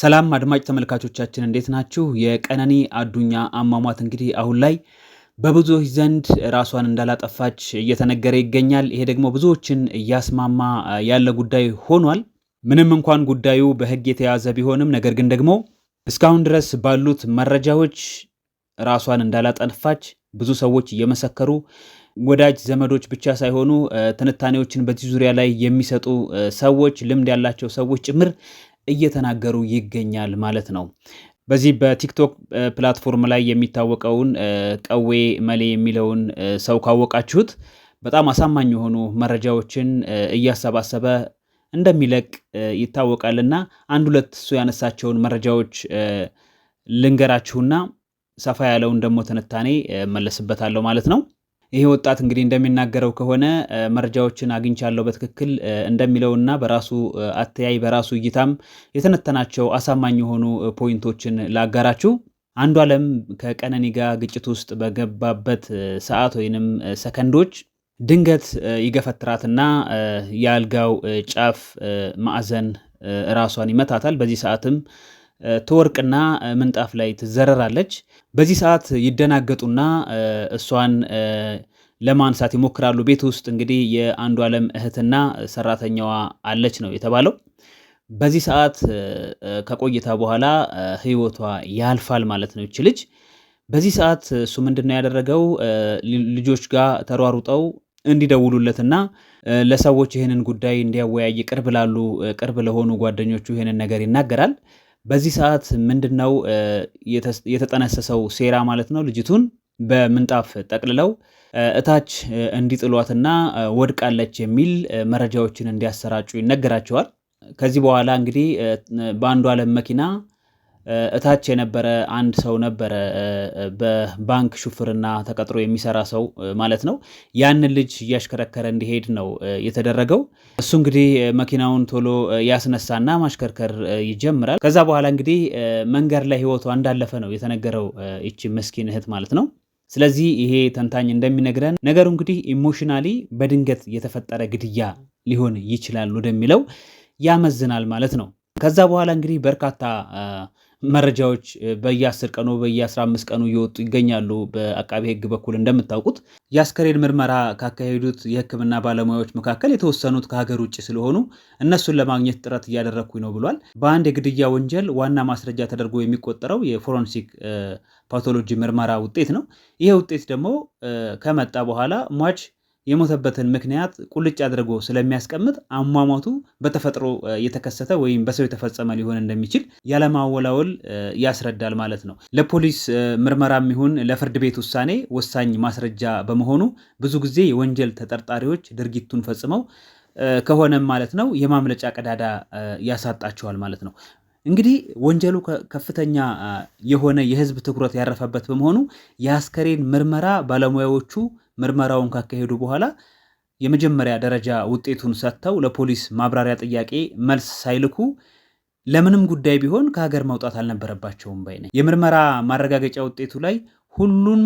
ሰላም አድማጭ ተመልካቾቻችን እንዴት ናችሁ? የቀነኒ አዱኛ አሟሟት እንግዲህ አሁን ላይ በብዙዎች ዘንድ ራሷን እንዳላጠፋች እየተነገረ ይገኛል። ይሄ ደግሞ ብዙዎችን እያስማማ ያለ ጉዳይ ሆኗል። ምንም እንኳን ጉዳዩ በሕግ የተያዘ ቢሆንም ነገር ግን ደግሞ እስካሁን ድረስ ባሉት መረጃዎች ራሷን እንዳላጠፋች ብዙ ሰዎች እየመሰከሩ ወዳጅ ዘመዶች ብቻ ሳይሆኑ ትንታኔዎችን በዚህ ዙሪያ ላይ የሚሰጡ ሰዎች፣ ልምድ ያላቸው ሰዎች ጭምር እየተናገሩ ይገኛል ማለት ነው። በዚህ በቲክቶክ ፕላትፎርም ላይ የሚታወቀውን ቀዌ መሌ የሚለውን ሰው ካወቃችሁት በጣም አሳማኝ የሆኑ መረጃዎችን እያሰባሰበ እንደሚለቅ ይታወቃል እና አንድ ሁለት እሱ ያነሳቸውን መረጃዎች ልንገራችሁና ሰፋ ያለውን ደግሞ ትንታኔ መለስበታለሁ ማለት ነው። ይሄ ወጣት እንግዲህ እንደሚናገረው ከሆነ መረጃዎችን አግኝቻለሁ በትክክል እንደሚለውና በራሱ አተያይ በራሱ እይታም የተነተናቸው አሳማኝ የሆኑ ፖይንቶችን ላጋራችሁ። አንዱ አለም ከቀነኒ ጋር ግጭት ውስጥ በገባበት ሰዓት ወይንም ሰከንዶች ድንገት ይገፈትራትና የአልጋው ጫፍ ማዕዘን ራሷን ይመታታል። በዚህ ሰዓትም ትወርቅና ምንጣፍ ላይ ትዘረራለች። በዚህ ሰዓት ይደናገጡና እሷን ለማንሳት ይሞክራሉ። ቤት ውስጥ እንግዲህ የአንዱ ዓለም እህትና ሰራተኛዋ አለች ነው የተባለው። በዚህ ሰዓት ከቆይታ በኋላ ህይወቷ ያልፋል ማለት ነው ይች ልጅ። በዚህ ሰዓት እሱ ምንድን ነው ያደረገው? ልጆች ጋር ተሯሩጠው እንዲደውሉለትና ለሰዎች ይህንን ጉዳይ እንዲያወያይ ቅርብ ላሉ ቅርብ ለሆኑ ጓደኞቹ ይህንን ነገር ይናገራል። በዚህ ሰዓት ምንድን ነው የተጠነሰሰው ሴራ ማለት ነው። ልጅቱን በምንጣፍ ጠቅልለው እታች እንዲጥሏትና ወድቃለች የሚል መረጃዎችን እንዲያሰራጩ ይነገራቸዋል። ከዚህ በኋላ እንግዲህ በአንዱ ዓለም መኪና እታች የነበረ አንድ ሰው ነበረ፣ በባንክ ሹፍርና ተቀጥሮ የሚሰራ ሰው ማለት ነው። ያንን ልጅ እያሽከረከረ እንዲሄድ ነው የተደረገው። እሱ እንግዲህ መኪናውን ቶሎ ያስነሳና ማሽከርከር ይጀምራል። ከዛ በኋላ እንግዲህ መንገድ ላይ ህይወቷ እንዳለፈ ነው የተነገረው ይቺ ምስኪን እህት ማለት ነው። ስለዚህ ይሄ ተንታኝ እንደሚነግረን ነገሩ እንግዲህ ኢሞሽናሊ በድንገት የተፈጠረ ግድያ ሊሆን ይችላል ወደሚለው ያመዝናል ማለት ነው። ከዛ በኋላ እንግዲህ በርካታ መረጃዎች በየ10 ቀኑ በየ15 ቀኑ እየወጡ ይገኛሉ። በአቃቤ ሕግ በኩል እንደምታውቁት የአስከሬን ምርመራ ካካሄዱት የሕክምና ባለሙያዎች መካከል የተወሰኑት ከሀገር ውጭ ስለሆኑ እነሱን ለማግኘት ጥረት እያደረግኩኝ ነው ብሏል። በአንድ የግድያ ወንጀል ዋና ማስረጃ ተደርጎ የሚቆጠረው የፎረንሲክ ፓቶሎጂ ምርመራ ውጤት ነው። ይሄ ውጤት ደግሞ ከመጣ በኋላ ሟች የሞተበትን ምክንያት ቁልጭ አድርጎ ስለሚያስቀምጥ አሟሟቱ በተፈጥሮ የተከሰተ ወይም በሰው የተፈጸመ ሊሆን እንደሚችል ያለማወላወል ያስረዳል ማለት ነው። ለፖሊስ ምርመራም ይሁን ለፍርድ ቤት ውሳኔ ወሳኝ ማስረጃ በመሆኑ ብዙ ጊዜ የወንጀል ተጠርጣሪዎች ድርጊቱን ፈጽመው ከሆነም ማለት ነው የማምለጫ ቀዳዳ ያሳጣቸዋል ማለት ነው። እንግዲህ ወንጀሉ ከፍተኛ የሆነ የህዝብ ትኩረት ያረፈበት በመሆኑ የአስከሬን ምርመራ ባለሙያዎቹ ምርመራውን ካካሄዱ በኋላ የመጀመሪያ ደረጃ ውጤቱን ሰጥተው ለፖሊስ ማብራሪያ ጥያቄ መልስ ሳይልኩ ለምንም ጉዳይ ቢሆን ከሀገር መውጣት አልነበረባቸውም ባይ ነኝ። የምርመራ ማረጋገጫ ውጤቱ ላይ ሁሉም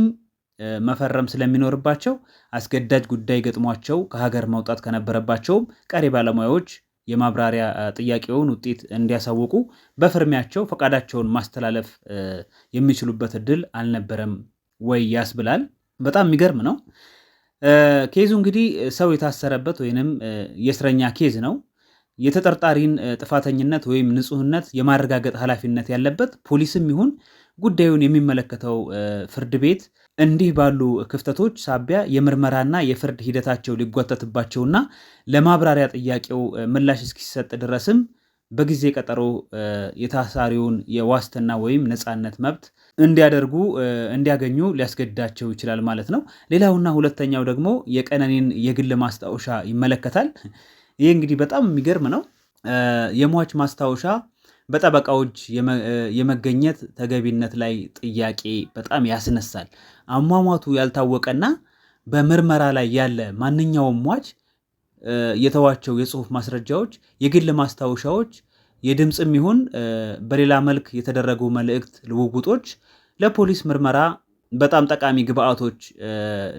መፈረም ስለሚኖርባቸው አስገዳጅ ጉዳይ ገጥሟቸው ከሀገር መውጣት ከነበረባቸውም ቀሪ ባለሙያዎች የማብራሪያ ጥያቄውን ውጤት እንዲያሳውቁ በፍርሚያቸው ፈቃዳቸውን ማስተላለፍ የሚችሉበት እድል አልነበረም ወይ ያስብላል። በጣም የሚገርም ነው። ኬዙ እንግዲህ ሰው የታሰረበት ወይንም የእስረኛ ኬዝ ነው። የተጠርጣሪን ጥፋተኝነት ወይም ንጹህነት የማረጋገጥ ኃላፊነት ያለበት ፖሊስም ይሁን ጉዳዩን የሚመለከተው ፍርድ ቤት እንዲህ ባሉ ክፍተቶች ሳቢያ የምርመራና የፍርድ ሂደታቸው ሊጓተትባቸውና ለማብራሪያ ጥያቄው ምላሽ እስኪሰጥ ድረስም በጊዜ ቀጠሮ የታሳሪውን የዋስትና ወይም ነፃነት መብት እንዲያደርጉ እንዲያገኙ ሊያስገድዳቸው ይችላል ማለት ነው። ሌላውና ሁለተኛው ደግሞ የቀነኒን የግል ማስታወሻ ይመለከታል። ይህ እንግዲህ በጣም የሚገርም ነው። የሟች ማስታወሻ በጠበቃዎች የመገኘት ተገቢነት ላይ ጥያቄ በጣም ያስነሳል። አሟሟቱ ያልታወቀና በምርመራ ላይ ያለ ማንኛውም ሟች የተዋቸው የጽሁፍ ማስረጃዎች፣ የግል ማስታወሻዎች፣ የድምፅም ይሁን በሌላ መልክ የተደረጉ መልእክት ልውውጦች ለፖሊስ ምርመራ በጣም ጠቃሚ ግብአቶች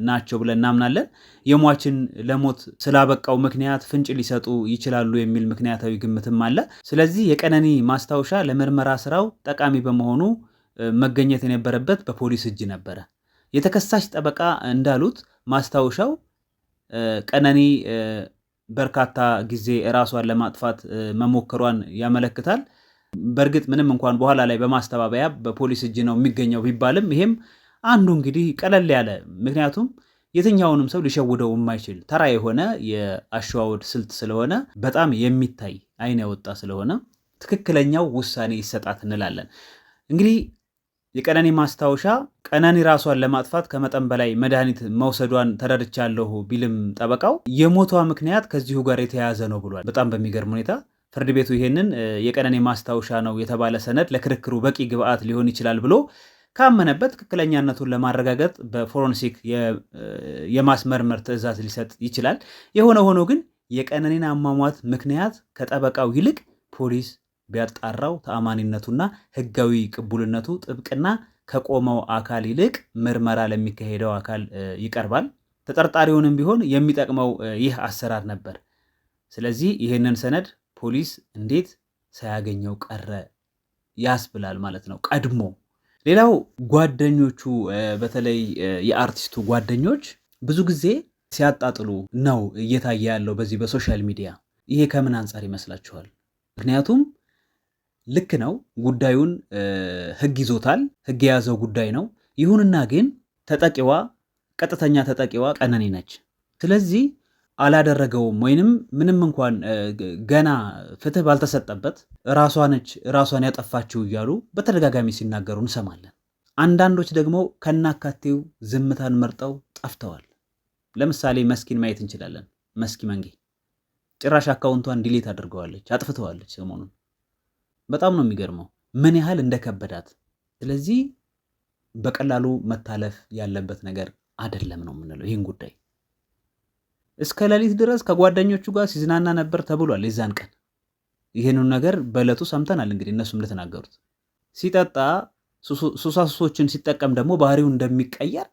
ናቸው ብለን እናምናለን። የሟችን ለሞት ስላበቃው ምክንያት ፍንጭ ሊሰጡ ይችላሉ የሚል ምክንያታዊ ግምትም አለ። ስለዚህ የቀነኒ ማስታወሻ ለምርመራ ስራው ጠቃሚ በመሆኑ መገኘት የነበረበት በፖሊስ እጅ ነበረ። የተከሳሽ ጠበቃ እንዳሉት ማስታወሻው ቀነኒ በርካታ ጊዜ ራሷን ለማጥፋት መሞከሯን ያመለክታል። በእርግጥ ምንም እንኳን በኋላ ላይ በማስተባበያ በፖሊስ እጅ ነው የሚገኘው ቢባልም ይሄም አንዱ እንግዲህ ቀለል ያለ ምክንያቱም የትኛውንም ሰው ሊሸውደው የማይችል ተራ የሆነ የአሸዋወድ ስልት ስለሆነ በጣም የሚታይ አይን ያወጣ ስለሆነ ትክክለኛው ውሳኔ ይሰጣት እንላለን። እንግዲህ የቀነኒ ማስታወሻ ቀነኒ ራሷን ለማጥፋት ከመጠን በላይ መድኃኒት መውሰዷን ተረድቻለሁ ቢልም ጠበቃው የሞቷ ምክንያት ከዚሁ ጋር የተያያዘ ነው ብሏል። በጣም በሚገርም ሁኔታ ፍርድ ቤቱ ይሄንን የቀነኒ ማስታወሻ ነው የተባለ ሰነድ ለክርክሩ በቂ ግብአት ሊሆን ይችላል ብሎ ካመነበት ትክክለኛነቱን ለማረጋገጥ በፎረንሲክ የማስመርመር ትዕዛዝ ሊሰጥ ይችላል። የሆነ ሆኖ ግን የቀነኒን አሟሟት ምክንያት ከጠበቃው ይልቅ ፖሊስ ቢያጣራው ተአማኒነቱና ህጋዊ ቅቡልነቱ ጥብቅና ከቆመው አካል ይልቅ ምርመራ ለሚካሄደው አካል ይቀርባል። ተጠርጣሪውንም ቢሆን የሚጠቅመው ይህ አሰራር ነበር። ስለዚህ ይህንን ሰነድ ፖሊስ እንዴት ሳያገኘው ቀረ ያስብላል ማለት ነው። ቀድሞ ሌላው ጓደኞቹ በተለይ የአርቲስቱ ጓደኞች ብዙ ጊዜ ሲያጣጥሉ ነው እየታየ ያለው በዚህ በሶሻል ሚዲያ። ይሄ ከምን አንጻር ይመስላችኋል? ምክንያቱም ልክ ነው፣ ጉዳዩን ህግ ይዞታል፣ ህግ የያዘው ጉዳይ ነው። ይሁንና ግን ተጠቂዋ ቀጥተኛ ተጠቂዋ ቀነኒ ነች። ስለዚህ አላደረገውም ወይንም ምንም እንኳን ገና ፍትህ ባልተሰጠበት ራሷ ነች ራሷን ያጠፋችው እያሉ በተደጋጋሚ ሲናገሩ እንሰማለን። አንዳንዶች ደግሞ ከናካቴው ዝምታን መርጠው ጠፍተዋል። ለምሳሌ መስኪን ማየት እንችላለን። መስኪ መንጌ ጭራሽ አካውንቷን ዲሌት አድርገዋለች፣ አጥፍተዋለች ሰሞኑን በጣም ነው የሚገርመው ምን ያህል እንደከበዳት። ስለዚህ በቀላሉ መታለፍ ያለበት ነገር አደለም ነው የምንለው ይህን ጉዳይ። እስከ ሌሊት ድረስ ከጓደኞቹ ጋር ሲዝናና ነበር ተብሏል የዛን ቀን። ይህንን ነገር በዕለቱ ሰምተናል እንግዲህ እነሱም እንደተናገሩት ሲጠጣ ሱሳሱሶችን ሲጠቀም ደግሞ ባህሪው እንደሚቀየር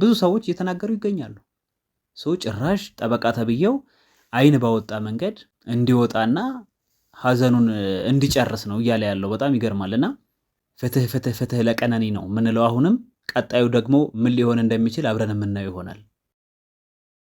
ብዙ ሰዎች እየተናገሩ ይገኛሉ። ሰው ጭራሽ ጠበቃ ተብዬው አይን ባወጣ መንገድ እንዲወጣና ሀዘኑን እንዲጨርስ ነው እያለ ያለው በጣም ይገርማል። እና ፍትህ ፍትህ ፍትህ ለቀነኒ ነው ምንለው። አሁንም ቀጣዩ ደግሞ ምን ሊሆን እንደሚችል አብረን የምናየው ይሆናል።